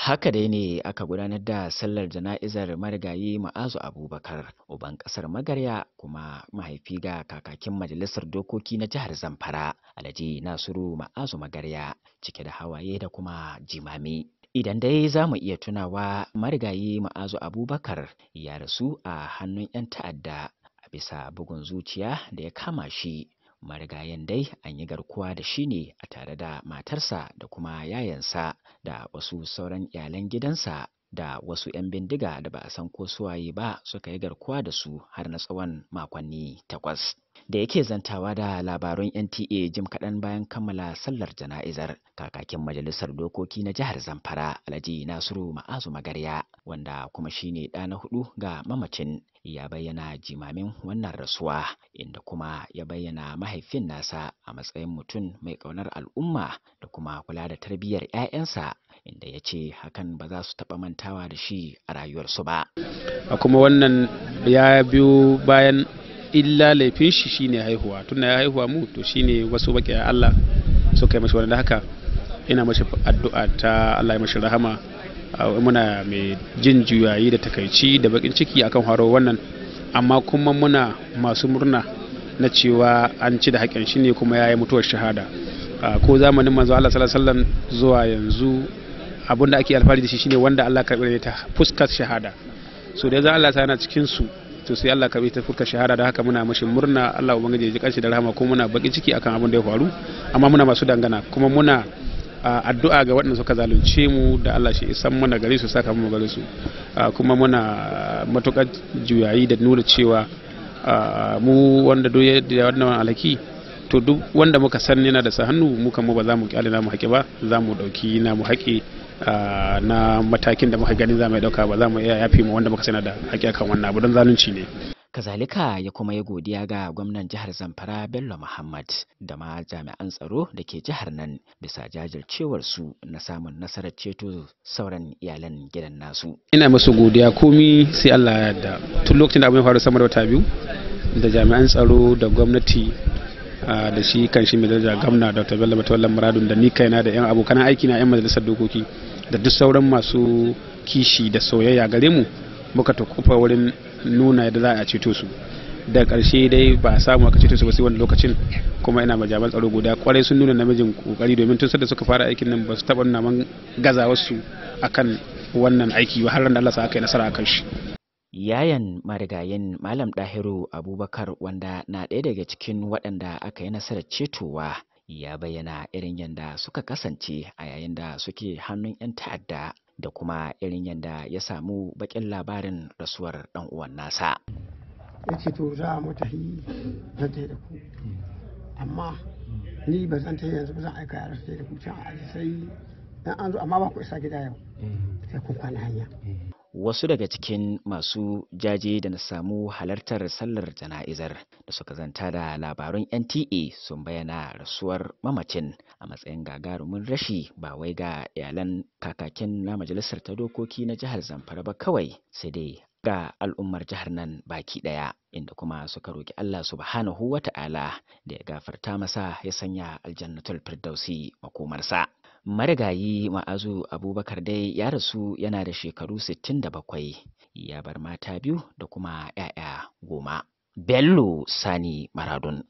Haka dai ne aka gudanar da sallar jana'izar marigayi Ma'azu Abubakar, uban ƙasar Magarya kuma mahaifi ga kakakin majalisar dokoki na jihar Zamfara, Alhaji Nasiru Ma'azu Magarya, cike da hawaye da kuma jimami. Idan dai za mu iya tunawa marigayi Ma'azu Abubakar ya rasu a hannun 'yan ta'adda a bisa bugun zuciya da ya kama shi marigayen dai an yi garkuwa da shi ne a tare da matarsa da kuma yayansa da wasu sauran iyalan gidansa da wasu 'yan bindiga da ba a san ko suwaye ba suka yi garkuwa da su har na tsawon makonni takwas. da yake zantawa da labarun NTA jim kaɗan bayan kammala sallar jana'izar kakakin majalisar dokoki na jihar Zamfara Alhaji Nasiru Ma'azu Magarya wanda kuma shine ɗa na hudu ga mamacin ya bayyana jimamin wannan rasuwa inda kuma ya bayyana mahaifin nasa a matsayin mutum mai ƙaunar al'umma da kuma kula da tarbiyyar 'ya'yansa inda ya ce hakan ba za su taɓa mantawa da shi a rayuwarsu ba. A kuma wannan ya biyo bayan illa laifin shi shine haihuwa tunda ya haihuwa mu to shine wasu baki ya Allah suka yi mashi wani haka ina mashi addu'a ta Allah ya mashi rahama muna mai jin juyayi da takaici da bakin ciki akan haro wannan amma kuma muna masu murna na cewa an ci da haƙin shi ne kuma ya yi mutuwar shahada ko zamanin manzo Allah sallallahu alaihi wasallam zuwa yanzu abinda ake alfahari da shi shine wanda Allah karɓi ta fuskar shahada so da yanzu Allah ta yana cikin su to sai Allah ka bai ta fuka shahara da haka muna mashi murna Allah ubangiji ya ji kanshi da rahama kuma muna baki ciki akan abin da ya faru amma muna masu dangana kuma muna addu'a ga waɗanda suka zalunce mu da Allah shi isan mana gare su saka mu gare su kuma muna matukar juyayi da nuna cewa mu wanda ya da wannan alaki to duk wanda muka san yana da sa hannu mu kan mu ba za mu kyale namu haƙi ba za mu ɗauki namu haƙi na matakin da muka gani za mu dauka ba za mu iya yafi mu wanda muka sana da hakikan akan wannan abu don zalunci ne kazalika ya kuma yi godiya ga gwamnan jihar zamfara bello muhammad da ma jami'an tsaro da ke jihar nan bisa jajircewar su na samun nasarar ceto sauran iyalan gidan nasu ina masu godiya komi sai allah ya yarda tun lokacin da abin faru sama da wata biyu da jami'an tsaro da gwamnati da shi kan shi mai daraja gwamna dr bello matawallan muradun da ni kaina da yan abokan aiki na yan majalisar dokoki da duk sauran masu kishi da soyayya gare mu muka takufa wurin nuna yadda za a ceto su da ƙarshe dai ba a samu aka ceto su ba sai wani lokacin kuma ina majaban tsaro guda kwarai sun nuna namijin kokari domin tun da suka fara aikin nan ba su taɓa gaza man gazawarsu akan wannan aiki ba har da Allah aka yi nasara akan shi yayan marigayin malam dahiru abubakar wanda na ɗaya daga cikin waɗanda aka yi nasarar cetowa ya bayyana irin yadda suka kasance a yayin da suke hannun 'yan ta'adda da kuma irin yadda ya samu bakin labarin rasuwar dan uwan nasa ya ce to za mu tafi zan da ku amma ni ba zan ta yanzu ba zan aika yara su da ku can a sai an zo amma ba ku isa gida yau mm. sai kun kwana hanya mm. wasu daga cikin masu jaje da na samu halartar sallar jana'izar da suka zanta da labarun nta sun bayyana rasuwar mamacin a matsayin gagarumin rashi ba wai ga iyalan kakakin na majalisar ta dokoki na jihar zamfara ba kawai sai dai ga al'ummar jihar nan baki ɗaya inda kuma suka roki Allah subhanahu wa ta'ala da ya gafarta masa ya sanya aljannatul firdausi makomarsa. marigayi ma'azu abubakar dai ya rasu yana da shekaru 67 ya bar mata biyu da kuma 'ya'ya goma bello sani maradon